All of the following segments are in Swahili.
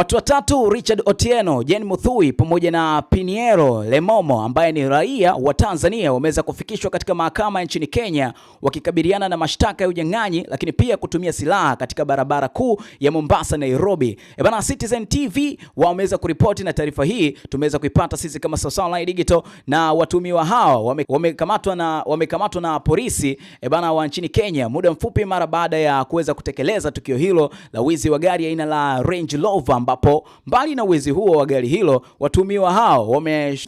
Watu watatu Richard Otieno, Jane Muthui pamoja na Piniero Lemomo ambaye ni raia wa Tanzania wameweza kufikishwa katika mahakama nchini Kenya wakikabiliana na mashtaka ya unyang'anyi, lakini pia kutumia silaha katika barabara kuu ya Mombasa Nairobi. E bana, Citizen TV wameweza kuripoti na taarifa hii tumeweza kuipata sisi kama Sasa Online Digital, na watumiwa hao wamekamatwa na, wamekamatwa na polisi e bana wa nchini Kenya muda mfupi mara baada ya kuweza kutekeleza tukio hilo la wizi wa gari aina la Range Rover ambapo mbali na uwezi huo wa gari hilo, watumiwa hao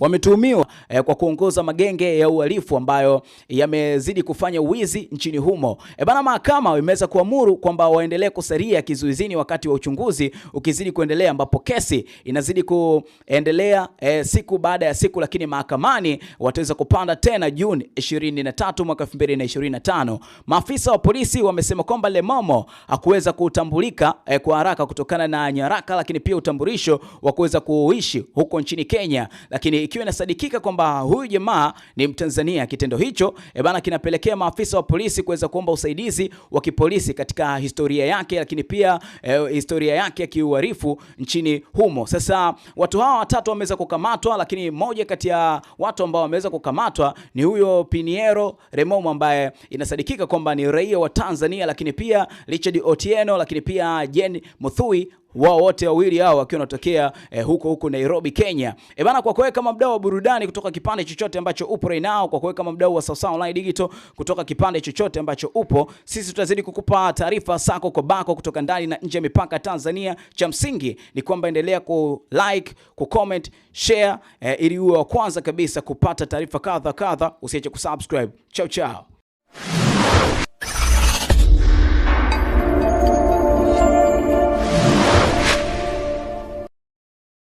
wametuhumiwa e, eh, kwa kuongoza magenge ya uhalifu ambayo yamezidi kufanya wizi nchini humo. E bana, mahakama imeweza kuamuru kwamba waendelee kusalia kizuizini wakati wa uchunguzi ukizidi kuendelea, ambapo kesi inazidi kuendelea e, siku baada ya siku, lakini mahakamani wataweza kupanda tena Juni 23 mwaka 2025. Maafisa wa polisi wamesema kwamba Lemomo hakuweza kutambulika e, kwa haraka kutokana na nyaraka lakini lakini pia utambulisho wa kuweza kuishi huko nchini Kenya, lakini ikiwa inasadikika kwamba huyu jamaa ni Mtanzania, kitendo hicho e bana kinapelekea maafisa wa polisi kuweza kuomba usaidizi wa kipolisi katika historia yake, lakini pia e, historia yake ya kiuharifu nchini humo. Sasa watu hawa watatu wameweza kukamatwa, lakini mmoja kati ya watu ambao wameweza kukamatwa ni huyo Piniero Remomo ambaye inasadikika kwamba ni raia wa Tanzania, lakini pia Richard Otieno, lakini pia Jen Muthui wao wote wawili hao wakiwa wanatokea eh, huko huko Nairobi, Kenya. E bana, kwa kuweka kama mdau wa burudani kutoka kipande chochote ambacho upo right now, kwa kuweka mdau wa Sawasawa Online Digital kutoka kipande chochote ambacho upo, sisi tutazidi kukupa taarifa sako kwa bako kutoka ndani na nje ya mipaka Tanzania. Cha msingi ni kwamba endelea ku like, ku comment, share eh, ili uwe wa kwanza kabisa kupata taarifa kadha kadha. Usiache kusubscribe. Chao chao.